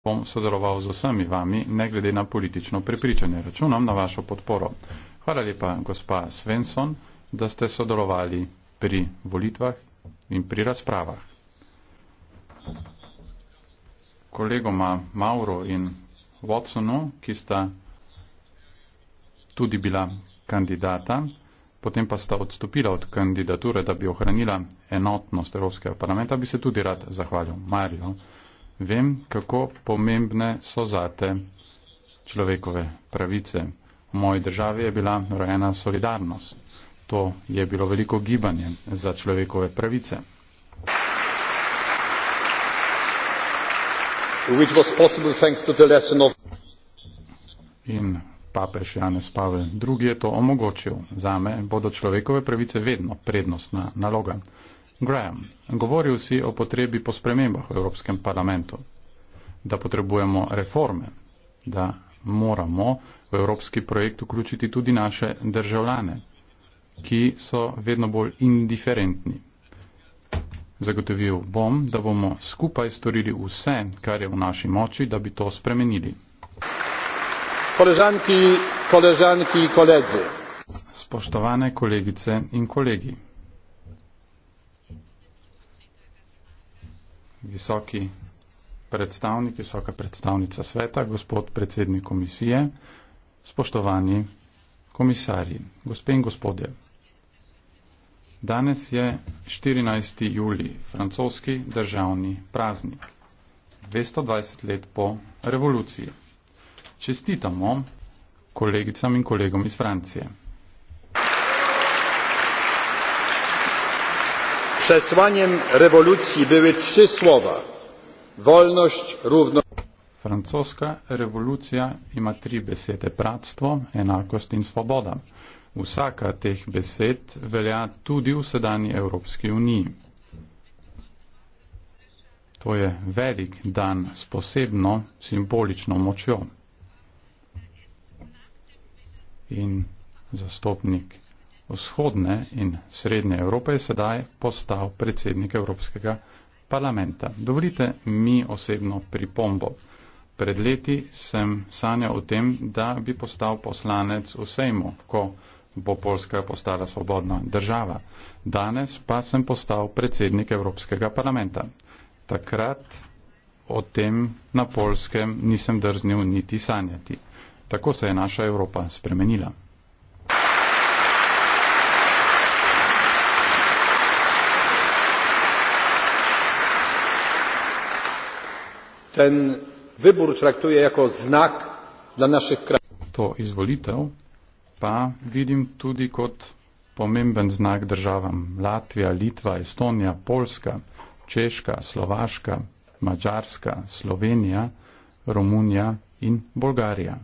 bom sodeloval z vsemi vami, ne glede na politično prepričanje. Računam na vašo podporo. Hvala lepa, gospa Svensson, da ste sodelovali pri volitvah in pri razpravah. Kolegoma Mauro in Watsonu, ki sta tudi bila kandidata, potem pa sta odstopila od kandidature, da bi ohranila enotnost Evropskega parlamenta, bi se tudi rad zahvalil. Mario. Vem, kako pomembne so zate človekove pravice. V moji državi je bila rojena solidarnost. To je bilo veliko gibanje za človekove pravice. In papež Janez Pavel II je to omogočil. Zame bodo človekove pravice vedno prednostna naloga. Graham, govoril si o potrebi po spremembah v Evropskem parlamentu, da potrebujemo reforme, da moramo v evropski projekt vključiti tudi naše državljane, ki so vedno bolj indiferentni. Zagotovil bom, da bomo skupaj storili vse, kar je v naši moči, da bi to spremenili. Koležanki, koležanki, Spoštovane kolegice in kolegi. visoki predstavnik, visoka predstavnica sveta, gospod predsednik komisije, spoštovani komisarji, gospe in gospodje. Danes je 14. juli, francoski državni praznik, 220 let po revoluciji. Čestitamo kolegicam in kolegom iz Francije. przesłaniem rewolucji były trzy słowa wolność, równość francuska rewolucja ima tri besede bractwo, enakost in svoboda vsaka teh besed velja tudi v sedanji Evropski uniji to je velik dan s posebno simbolično močjo in zastopnik vzhodne in srednje Evrope je sedaj postal predsednik Evropskega parlamenta. Dovolite mi osebno pripombo. Pred leti sem sanjal o tem, da bi postal poslanec v Sejmu, ko bo Poljska postala svobodna država. Danes pa sem postal predsednik Evropskega parlamenta. Takrat o tem na Poljskem nisem drznil niti sanjati. Tako se je naša Evropa spremenila. ten wybór traktuje jako znak dla naszych krajów. To izvolitev pa vidim tudi kot pomemben znak državam Latvija, Litva, Estonija, Polska, Češka, Slovaška, Mačarska, Slovenija, Romunija in Bolgarija.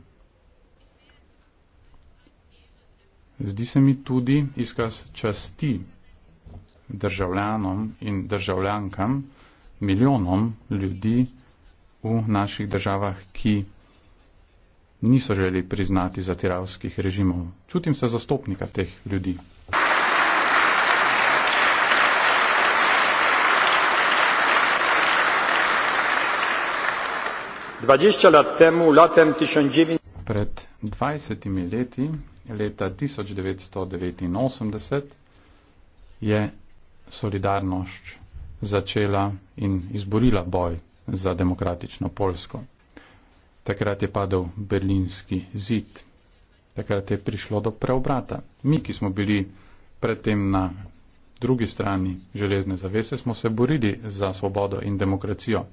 Zdi se mi tudi izkaz časti državljanom in državljankam, milijonom ljudi, v naših državah, ki niso želeli priznati zatiravskih režimov. Čutim se zastopnika teh ljudi. Pred 20 leti, leta 1989, je solidarnost začela in izborila boj za demokratično Polsko. Takrat je padel berlinski zid, takrat je prišlo do preobrata. Mi, ki smo bili predtem na drugi strani železne zavese, smo se borili za svobodo in demokracijo.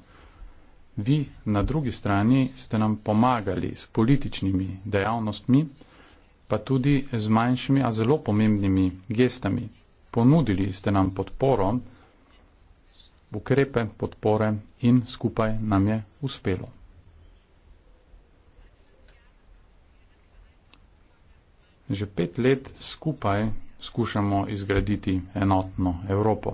Vi na drugi strani ste nam pomagali s političnimi dejavnostmi, pa tudi z manjšimi, a zelo pomembnimi gestami. Ponudili ste nam podporo, ukrepe podpore in skupaj nam je uspelo. Že pet let skupaj skušamo izgraditi enotno Evropo.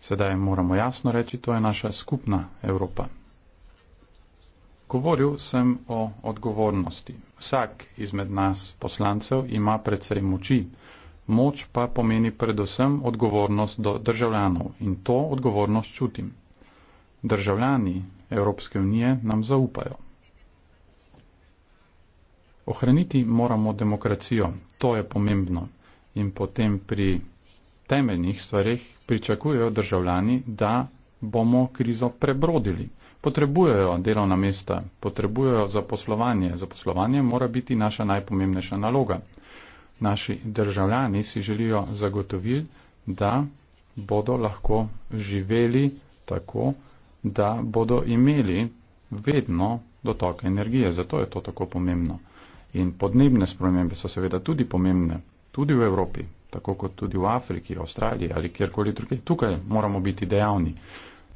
Sedaj moramo jasno reči, to je naša skupna Evropa. Govoril sem o odgovornosti. Vsak izmed nas poslancev ima predvsej moči, Moč pa pomeni predvsem odgovornost do državljanov in to odgovornost čutim. Državljani Evropske unije nam zaupajo. Ohraniti moramo demokracijo, to je pomembno. In potem pri temeljnih stvarih pričakujejo državljani, da bomo krizo prebrodili. Potrebujejo delovna mesta, potrebujejo zaposlovanje. Zaposlovanje mora biti naša najpomembnejša naloga naši državljani si želijo zagotovili, da bodo lahko živeli tako, da bodo imeli vedno dotok energije. Zato je to tako pomembno. In podnebne spremembe so seveda tudi pomembne, tudi v Evropi, tako kot tudi v Afriki, Avstraliji ali kjerkoli drugje. Tukaj moramo biti dejavni.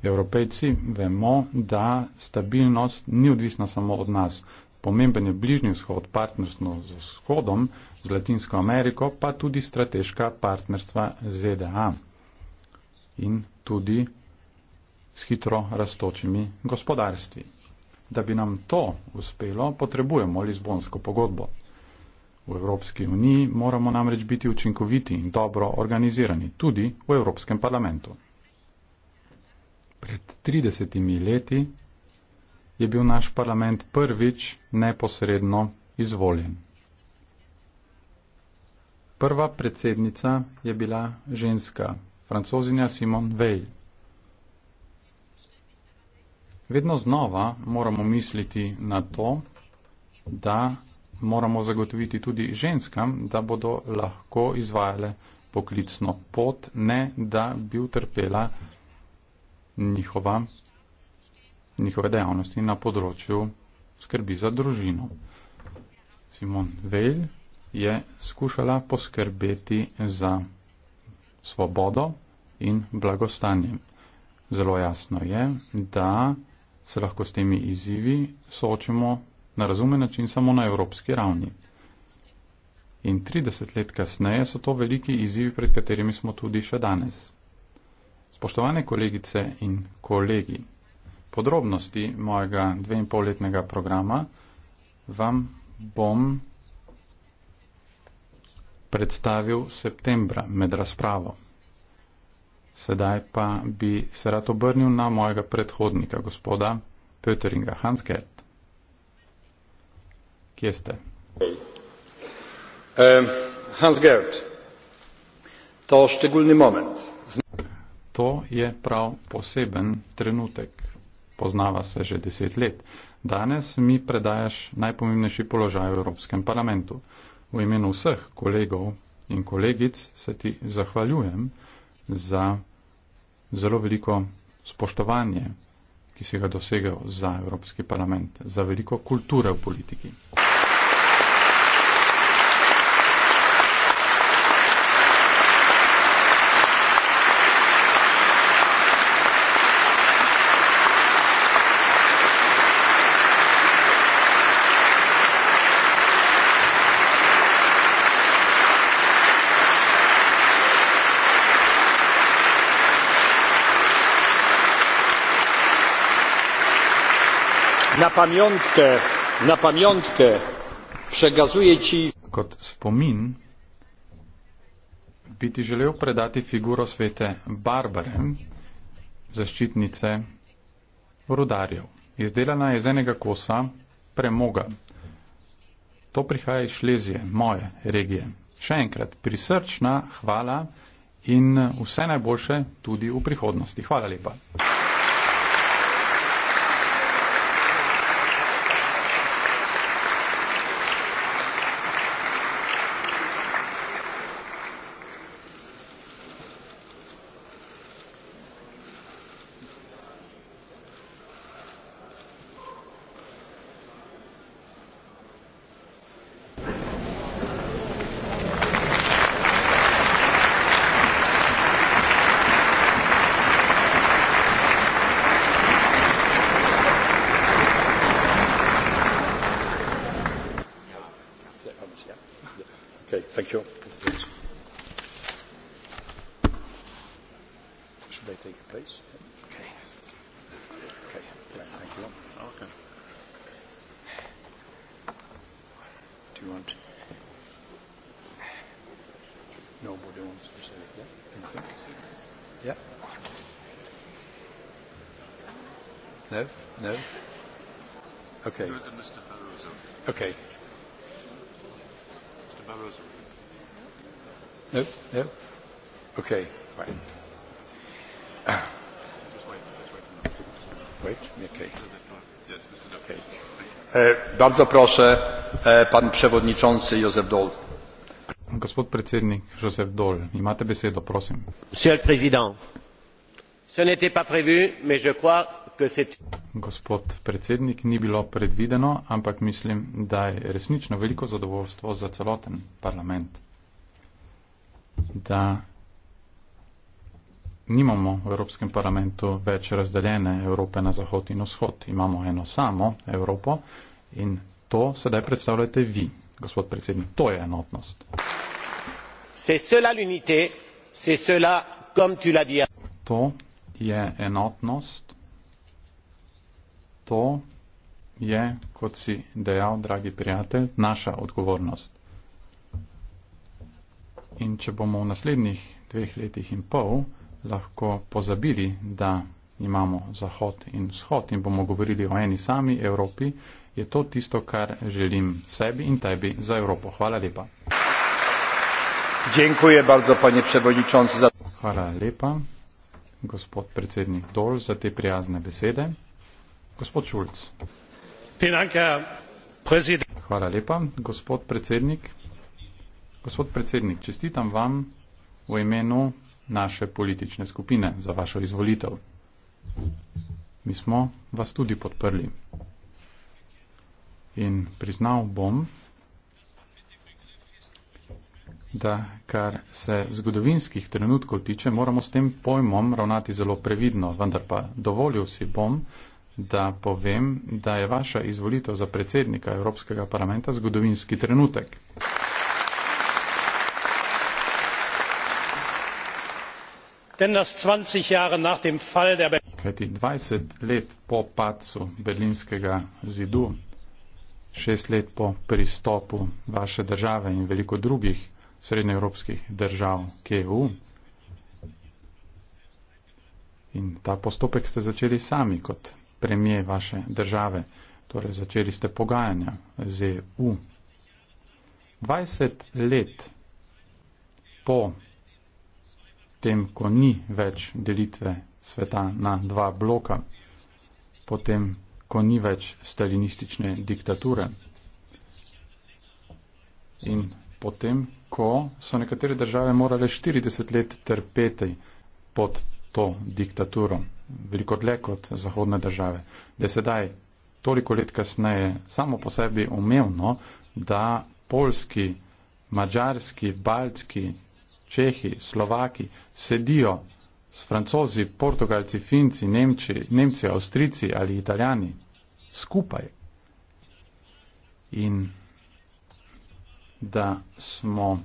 Evropejci vemo, da stabilnost ni odvisna samo od nas. Pomemben je bližnji vzhod, partnerstvo z vzhodom, z Latinsko Ameriko, pa tudi strateška partnerstva ZDA in tudi s hitro rastočimi gospodarstvi. Da bi nam to uspelo, potrebujemo Lizbonsko pogodbo. V Evropski uniji moramo namreč biti učinkoviti in dobro organizirani, tudi v Evropskem parlamentu. Pred 30 leti je bil naš parlament prvič neposredno izvoljen. Prva predsednica je bila ženska, francozinja Simone Veil. Vedno znova moramo misliti na to, da moramo zagotoviti tudi ženskam, da bodo lahko izvajale poklicno pot, ne da bi utrpela njihova, njihove dejavnosti na področju skrbi za družino. Simon Veil je skušala poskrbeti za svobodo in blagostanje. Zelo jasno je, da se lahko s temi izzivi soočimo na razumen način samo na evropski ravni. In 30 let kasneje so to veliki izzivi, pred katerimi smo tudi še danes. Spoštovane kolegice in kolegi, podrobnosti mojega dve in pol letnega programa vam bom predstavil septembra med razpravo. Sedaj pa bi se rad obrnil na mojega predhodnika, gospoda Pöteringa Hanskert. Kje ste? Uh, ehm, Hans Gert, to številni moment. To je prav poseben trenutek. Poznava se že deset let. Danes mi predajaš najpomembnejši položaj v Evropskem parlamentu. V imenu vseh kolegov in kolegic se ti zahvaljujem za zelo veliko spoštovanje, ki si ga dosegel za Evropski parlament, za veliko kulture v politiki. na pamiątkę, na pamiątkę przekazuję ci. Kot wspomin, by ty żelił predati figuro świętej Barbary, zaszczytnice rudariów. Izdelana je iz enega kosa premoga. To prihaja iz Šlezije, moje regije. Še enkrat prisrčna hvala in vse najboljše tudi v prihodnosti. Hvala lepa. No? No? Okay. Mr. Barroso. Okay. Mr. Barroso. No? No? Okay. Right. Uh. Bardzo proszę, e, pan przewodniczący Józef Dol. Gospod predsednik Józef Dol, imate besedo, prosim. Monsieur le Président, ce n'était pas prévu, mais je crois Gospod predsednik, ni bilo predvideno, ampak mislim, da je resnično veliko zadovoljstvo za celoten parlament, da nimamo v Evropskem parlamentu več razdeljene Evrope na zahod in vzhod. Imamo eno samo Evropo in to sedaj predstavljate vi, gospod predsednik. To je enotnost. To je enotnost to je, kot si dejal, dragi prijatelj, naša odgovornost. In če bomo v naslednjih dveh letih in pol lahko pozabili, da imamo Zahod in Vzhod in bomo govorili o eni sami Evropi, je to tisto, kar želim sebi in tebi za Evropo. Hvala lepa. Bardzo, panie za... Hvala lepa, gospod predsednik Dol, za te prijazne besede gospod Schulz. Vielen Dank, Herr Präsident. Hvala lepa, gospod predsednik. Gospod predsednik, čestitam vam v imenu naše politične skupine za vašo izvolitev. Mi smo vas tudi podprli. In priznal bom, da kar se zgodovinskih trenutkov tiče, moramo s tem pojmom ravnati zelo previdno, vendar pa dovolil si bom, da povem, da je vaša izvolitev za predsednika Evropskega parlamenta zgodovinski trenutek. Kajti 20 let po pacu berlinskega zidu, 6 let po pristopu vaše države in veliko drugih srednjeevropskih držav k EU, in ta postopek ste začeli sami kot premije vaše države. Torej, začeli ste pogajanja z EU. 20 let po tem, ko ni več delitve sveta na dva bloka, potem, ko ni več stalinistične diktature in potem, ko so nekatere države morale 40 let trpeti pod to diktaturo, veliko dlje kot zahodne države. Da je sedaj, toliko let kasneje, samo po sebi umevno, da polski, mađarski, baltski, čehi, slovaki sedijo s francozi, portugalci, finci, nemci, nemci, avstrici ali italijani skupaj. In da smo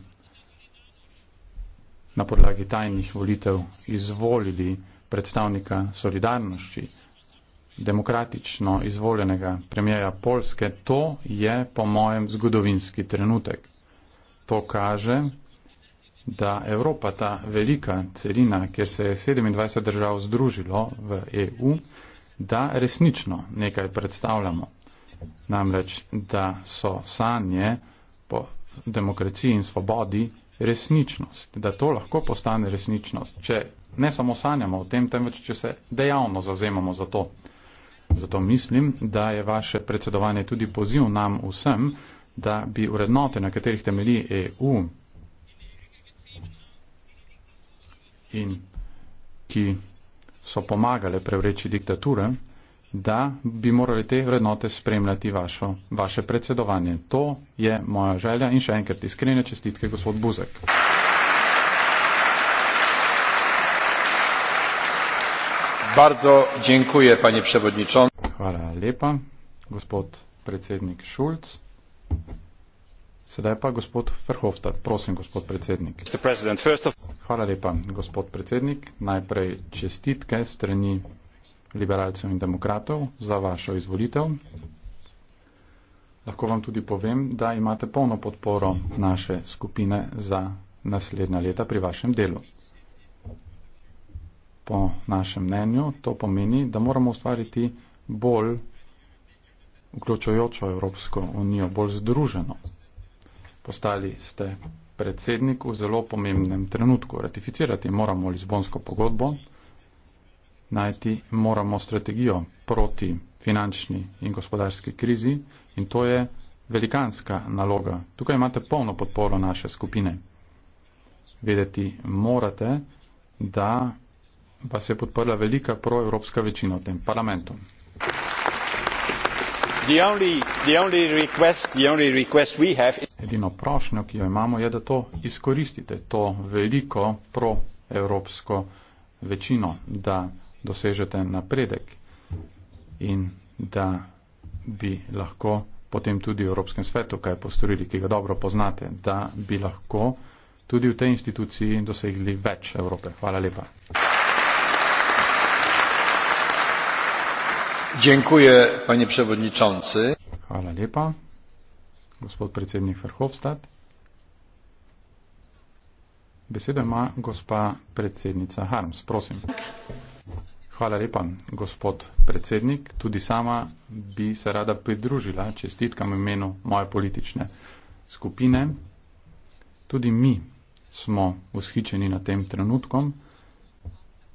na podlagi tajnih volitev izvolili predstavnika solidarnosti, demokratično izvoljenega premijeja Polske, to je po mojem zgodovinski trenutek. To kaže, da Evropa, ta velika celina, kjer se je 27 držav združilo v EU, da resnično nekaj predstavljamo. Namreč, da so sanje po demokraciji in svobodi resničnost, da to lahko postane resničnost, če ne samo sanjamo o tem, temveč če se dejavno zazemamo za to. Zato mislim, da je vaše predsedovanje tudi poziv nam vsem, da bi urednote, na katerih temelji EU in ki so pomagale prevreči diktature, da bi morali te vrednote spremljati vašo, vaše predsedovanje. To je moja želja in še enkrat iskrene čestitke, gospod Buzek. Bardzo dziękuję, panie przewodniczący. Hvala lepa, gospod predsednik Schulz. Sedaj pa gospod Verhofstadt. Prosim, gospod predsednik. Hvala lepa, gospod predsednik. Najprej čestitke strani liberalcev in demokratov za vašo izvolitev. Lahko vam tudi povem, da imate polno podporo naše skupine za naslednja leta pri vašem delu. Po našem mnenju to pomeni, da moramo ustvariti bolj vključujočo Evropsko unijo, bolj združeno. Postali ste predsednik v zelo pomembnem trenutku. Ratificirati moramo Lizbonsko pogodbo najti moramo strategijo proti finančni in gospodarski krizi in to je velikanska naloga. Tukaj imate polno podporo naše skupine. Vedeti morate, da vas je podprla velika proevropska večina v tem parlamentu. The only, the only request, request Edino prošnjo, ki jo imamo, je, da to izkoristite, to veliko proevropsko večino, da dosežete napredek in da bi lahko potem tudi v Evropskem svetu kaj postorili, ki ga dobro poznate, da bi lahko tudi v tej instituciji dosegli več Evrope. Hvala lepa. Dziękuję, panie przewodniczący. Hvala lepa, gospod predsednik Verhofstadt. Besedo ima gospa predsednica Harms. Prosim. Tak. Hvala lepa, gospod predsednik. Tudi sama bi se rada pridružila čestitkam imenu moje politične skupine. Tudi mi smo ushičeni na tem trenutkom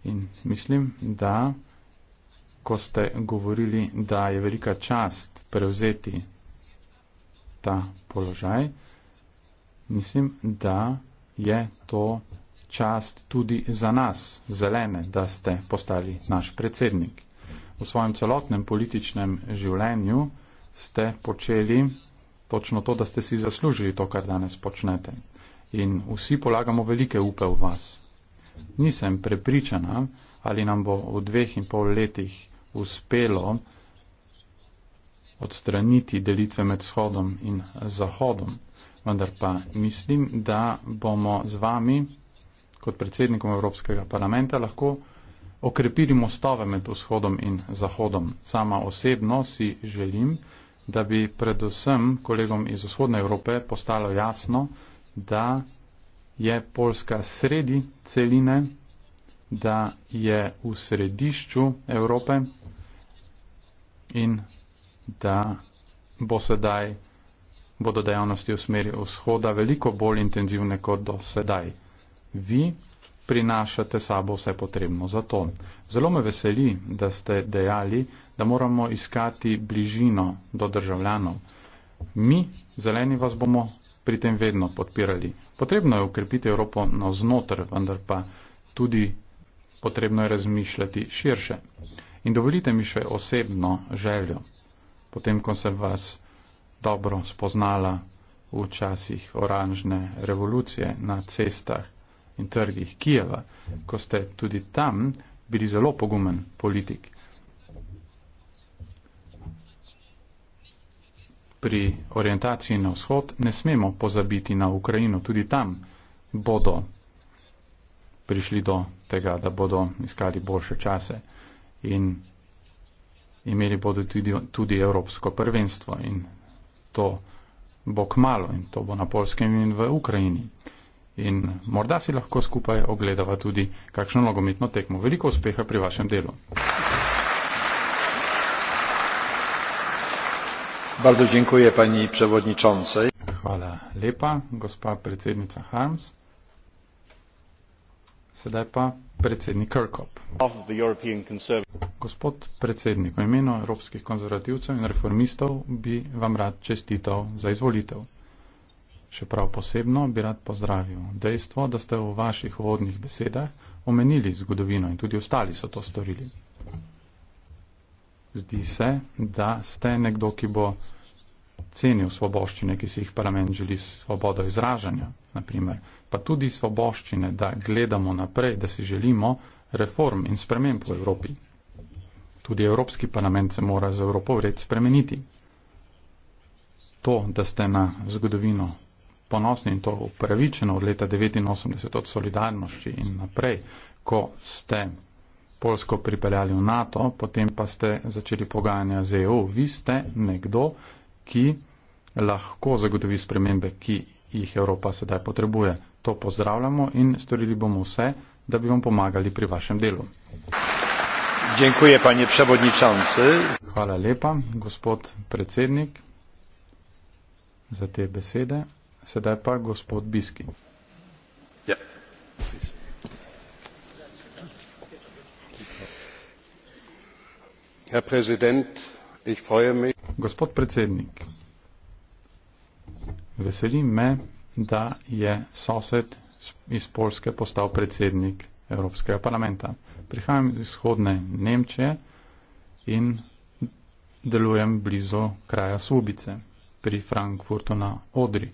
in mislim, da ko ste govorili, da je velika čast prevzeti ta položaj, mislim, da je to čast tudi za nas, zelene, da ste postali naš predsednik. V svojem celotnem političnem življenju ste počeli točno to, da ste si zaslužili to, kar danes počnete. In vsi polagamo velike upe v vas. Nisem prepričana, ali nam bo v dveh in pol letih uspelo odstraniti delitve med shodom in zahodom. Vendar pa mislim, da bomo z vami kot predsednikom Evropskega parlamenta lahko okrepili mostove med vzhodom in zahodom. Sama osebno si želim, da bi predvsem kolegom iz vzhodne Evrope postalo jasno, da je Poljska sredi celine, da je v središču Evrope in da bo sedaj bodo dejavnosti v smeri vzhoda veliko bolj intenzivne kot do sedaj vi prinašate sabo vse potrebno. Zato zelo me veseli, da ste dejali, da moramo iskati bližino do državljanov. Mi, zeleni, vas bomo pri tem vedno podpirali. Potrebno je ukrepiti Evropo na znotraj, vendar pa tudi potrebno je razmišljati širše. In dovolite mi še osebno željo, potem, ko sem vas dobro spoznala v časih oranžne revolucije na cestah in trgih Kijeva, ko ste tudi tam bili zelo pogumen politik. Pri orientaciji na vzhod ne smemo pozabiti na Ukrajino, tudi tam bodo prišli do tega, da bodo iskali boljše čase in imeli bodo tudi, tudi evropsko prvenstvo in to bo kmalo in to bo na Polskem in v Ukrajini in morda si lahko skupaj ogledava tudi kakšno nogometno tekmo. Veliko uspeha pri vašem delu. Bardzo dziękuję pani przewodniczącej. Hvala lepa, gospa predsednica Harms. Sedaj pa predsednik Kirkop. Gospod predsednik, v imenu evropskih konzervativcev in reformistov bi vam rad čestital za izvolitev. Še prav posebno bi rad pozdravil dejstvo, da ste v vaših vodnih besedah omenili zgodovino in tudi ostali so to storili. Zdi se, da ste nekdo, ki bo cenil svoboščine, ki si jih parlament želi, svobodo izražanja, naprimer, pa tudi svoboščine, da gledamo naprej, da si želimo reform in sprememb v Evropi. Tudi Evropski parlament se mora za Evropo vred spremeniti. To, da ste na zgodovino ponosni in to upravičeno od leta 1989 od solidarnosti in naprej, ko ste Polsko pripeljali v NATO, potem pa ste začeli pogajanja z EU. Vi ste nekdo, ki lahko zagotovi spremembe, ki jih Evropa sedaj potrebuje. To pozdravljamo in storili bomo vse, da bi vam pomagali pri vašem delu. Hvala lepa, gospod predsednik, za te besede. Sedaj pa gospod Biski. Ja. Herr Präsident, ich freue mich. Gospod predsednik, veseli me, da je sosed iz Polske postal predsednik Evropskega parlamenta. Prihajam iz vzhodne Nemčije in delujem blizu kraja Subice pri Frankfurtu na Odri.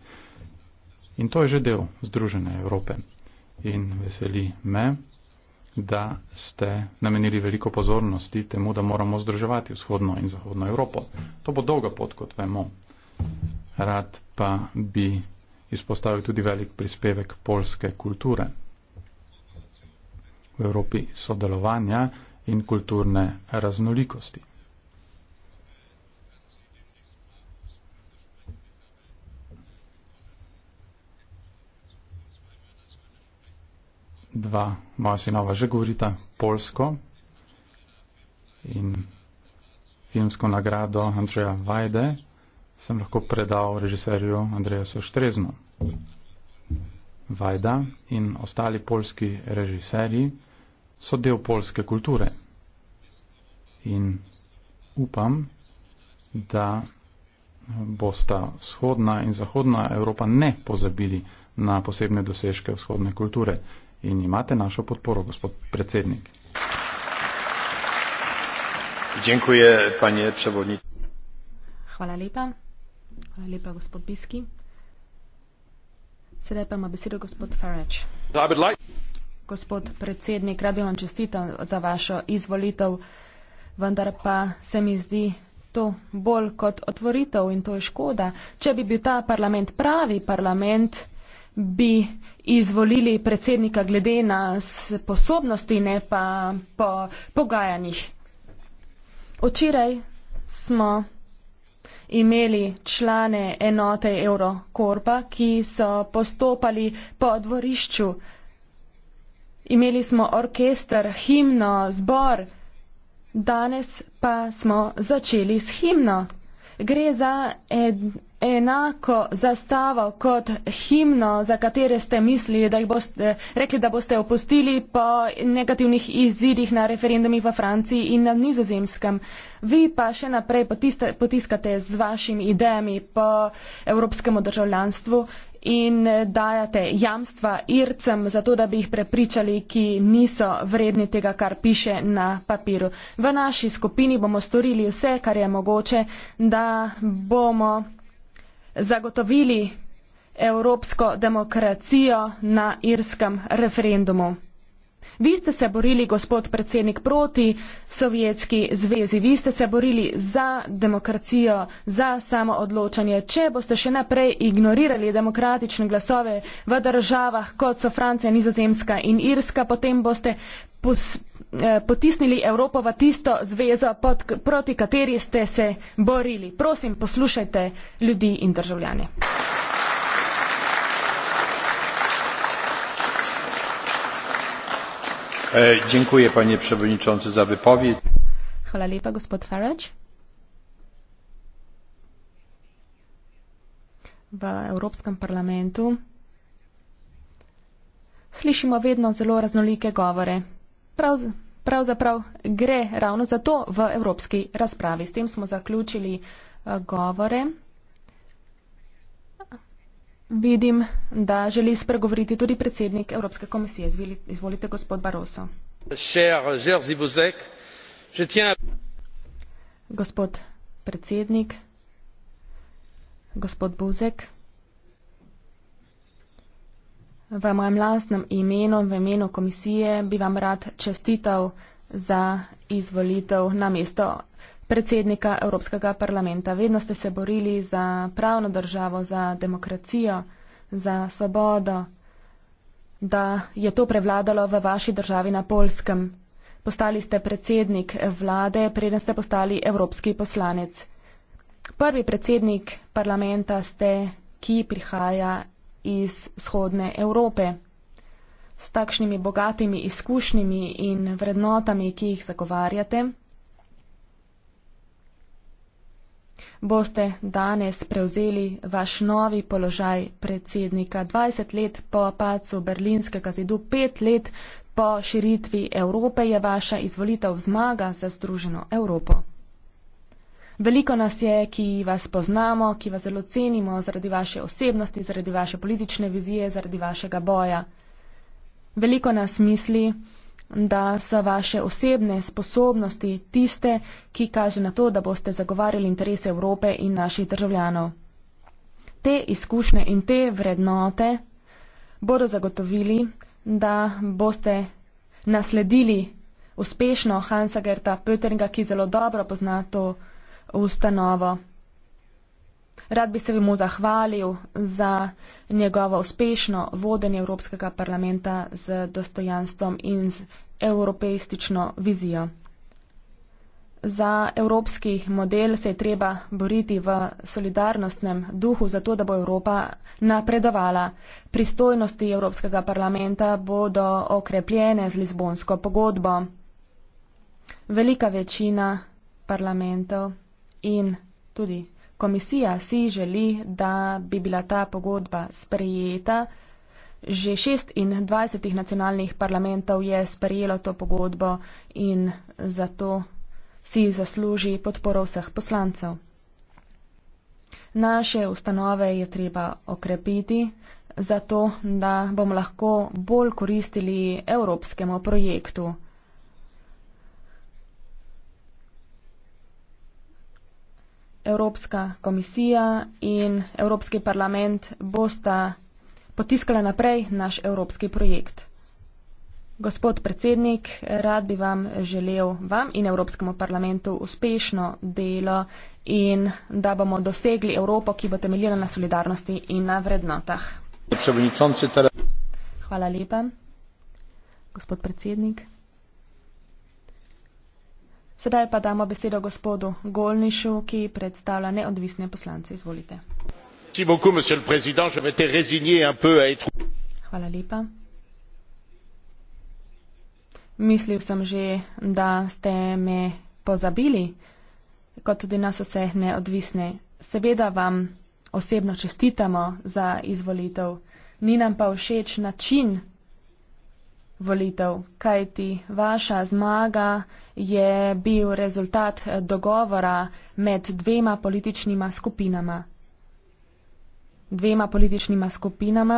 In to je že del Združene Evrope. In veseli me, da ste namenili veliko pozornosti temu, da moramo združevati vzhodno in zahodno Evropo. To bo dolga pot, kot vemo. Rad pa bi izpostavil tudi velik prispevek polske kulture v Evropi sodelovanja in kulturne raznolikosti. dva moja sinova že govorita polsko in filmsko nagrado Andreja Vajde sem lahko predal režiserju Andreja Soštrezno. Vajda in ostali polski režiserji so del polske kulture in upam, da bosta vzhodna in zahodna Evropa ne pozabili na posebne dosežke vzhodne kulture in imate našo podporo, gospod predsednik. Dziękuję, panie przewodniczący. Hvala lepa. Hvala lepa, gospod Biski. Sedaj pa ima besedo gospod Farage. Like... Gospod predsednik, rad vam čestitam za vašo izvolitev, vendar pa se mi zdi to bolj kot otvoritev in to je škoda. Če bi bil ta parlament pravi parlament, bi izvolili predsednika glede na sposobnosti, ne pa po pogajanjih. Včeraj smo imeli člane enote Eurokorpa, ki so postopali po dvorišču. Imeli smo orkester, himno, zbor, danes pa smo začeli s himno. Gre za enako zastavo kot himno, za katere ste mislili, da jih boste rekli, da boste opustili po negativnih izidih na referendumih v Franciji in na nizozemskem. Vi pa še naprej potiskate z vašimi idejami po evropskem državljanstvu in dajate jamstva ircem za to, da bi jih prepričali, ki niso vredni tega, kar piše na papiru. V naši skupini bomo storili vse, kar je mogoče, da bomo zagotovili evropsko demokracijo na irskem referendumu. Vi ste se borili, gospod predsednik, proti Sovjetski zvezi, vi ste se borili za demokracijo, za samo odločanje. Če boste še naprej ignorirali demokratične glasove v državah, kot so Francija, Nizozemska in Irska, potem boste pos, eh, potisnili Evropo v tisto zvezo, pod, proti kateri ste se borili. Prosim, poslušajte ljudi in državljane. E, dziękuję panie przewodniczący za wypowiedź v Evropskem parlamentu slišimo vedno zelo raznolike govore. Prav, pravzaprav gre ravno za to v evropski razpravi. S tem smo zaključili e, govore. Vidim, da želi spregovoriti tudi predsednik Evropske komisije. Izvolite, gospod Barroso. Gospod predsednik, gospod Buzek, v mojem lastnem imenu, v imenu komisije, bi vam rad čestital za izvolitev na mesto predsednika Evropskega parlamenta. Vedno ste se borili za pravno državo, za demokracijo, za svobodo, da je to prevladalo v vaši državi na polskem. Postali ste predsednik vlade, preden ste postali evropski poslanec. Prvi predsednik parlamenta ste, ki prihaja iz vzhodne Evrope. S takšnimi bogatimi izkušnjami in vrednotami, ki jih zagovarjate, boste danes prevzeli vaš novi položaj predsednika. 20 let po pacu berlinskega zidu, 5 let po širitvi Evrope je vaša izvolitev zmaga za Združeno Evropo. Veliko nas je, ki vas poznamo, ki vas zelo cenimo zaradi vaše osebnosti, zaradi vaše politične vizije, zaradi vašega boja. Veliko nas misli, da so vaše osebne sposobnosti tiste, ki kaže na to, da boste zagovarjali interese Evrope in naših državljanov. Te izkušnje in te vrednote bodo zagotovili, da boste nasledili uspešno Hansa Gerta Pöteringa, ki zelo dobro pozna to ustanovo. Rad bi se mu zahvalil za njegovo uspešno vodenje Evropskega parlamenta z dostojanstvom in z evropejstično vizijo. Za evropski model se je treba boriti v solidarnostnem duhu, zato da bo Evropa napredovala. Pristojnosti Evropskega parlamenta bodo okrepljene z Lizbonsko pogodbo. Velika večina parlamentov in tudi Komisija si želi, da bi bila ta pogodba sprejeta. Že 26 nacionalnih parlamentov je sprejelo to pogodbo in zato si zasluži podporo vseh poslancev. Naše ustanove je treba okrepiti, zato da bomo lahko bolj koristili evropskemu projektu. Evropska komisija in Evropski parlament bosta potiskala naprej naš evropski projekt. Gospod predsednik, rad bi vam želel vam in Evropskemu parlamentu uspešno delo in da bomo dosegli Evropo, ki bo temeljila na solidarnosti in na vrednotah. Hvala lepa. Gospod predsednik. Sedaj pa damo besedo gospodu Golnišu, ki predstavlja neodvisne poslance. Izvolite. Hvala lepa. Mislil sem že, da ste me pozabili, kot tudi nas vse neodvisne. Seveda vam osebno čestitamo za izvolitev. Ni nam pa všeč način volitev, kajti vaša zmaga je bil rezultat eh, dogovora med dvema političnima skupinama. Dvema političnima skupinama,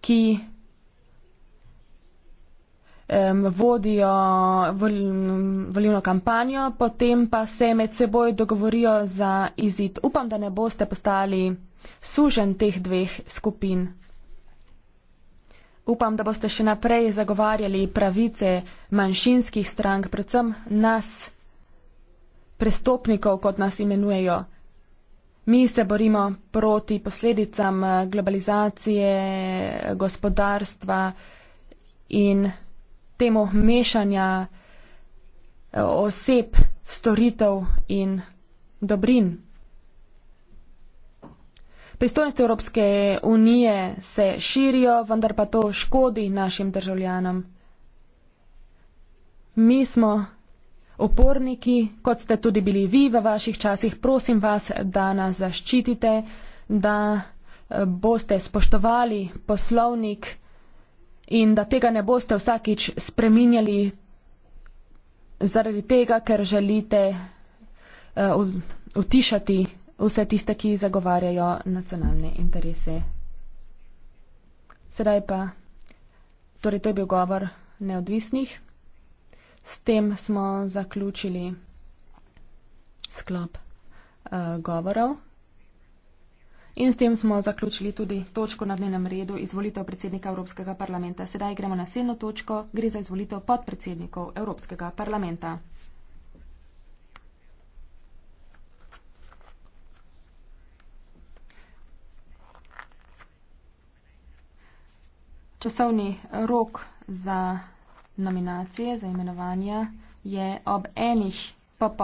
ki um, vodijo vol, volilno kampanjo, potem pa se med seboj dogovorijo za izid. Upam, da ne boste postali sužen teh dveh skupin. Upam, da boste še naprej zagovarjali pravice manjšinskih strank, predvsem nas, prestopnikov, kot nas imenujejo. Mi se borimo proti posledicam eh, globalizacije, gospodarstva in temu mešanja eh, oseb, storitev in dobrin. Pristojnosti Evropske unije se širijo, vendar pa to škodi našim državljanom. Mi smo oporniki, kot ste tudi bili vi v vaših časih. Prosim vas, da nas zaščitite, da eh, boste spoštovali poslovnik in da tega ne boste vsakič spreminjali zaradi tega, ker želite eh, utišati. Uh, vse tiste, ki zagovarjajo nacionalne interese. Sedaj pa, torej to je bil govor neodvisnih. S tem smo zaključili sklop uh, govorov. In s tem smo zaključili tudi točko na dnevnem redu izvolitev predsednika Evropskega parlamenta. Sedaj gremo na sedno točko, gre za izvolitev podpredsednikov Evropskega parlamenta. Časovni rok za nominacije, za imenovanja je ob enih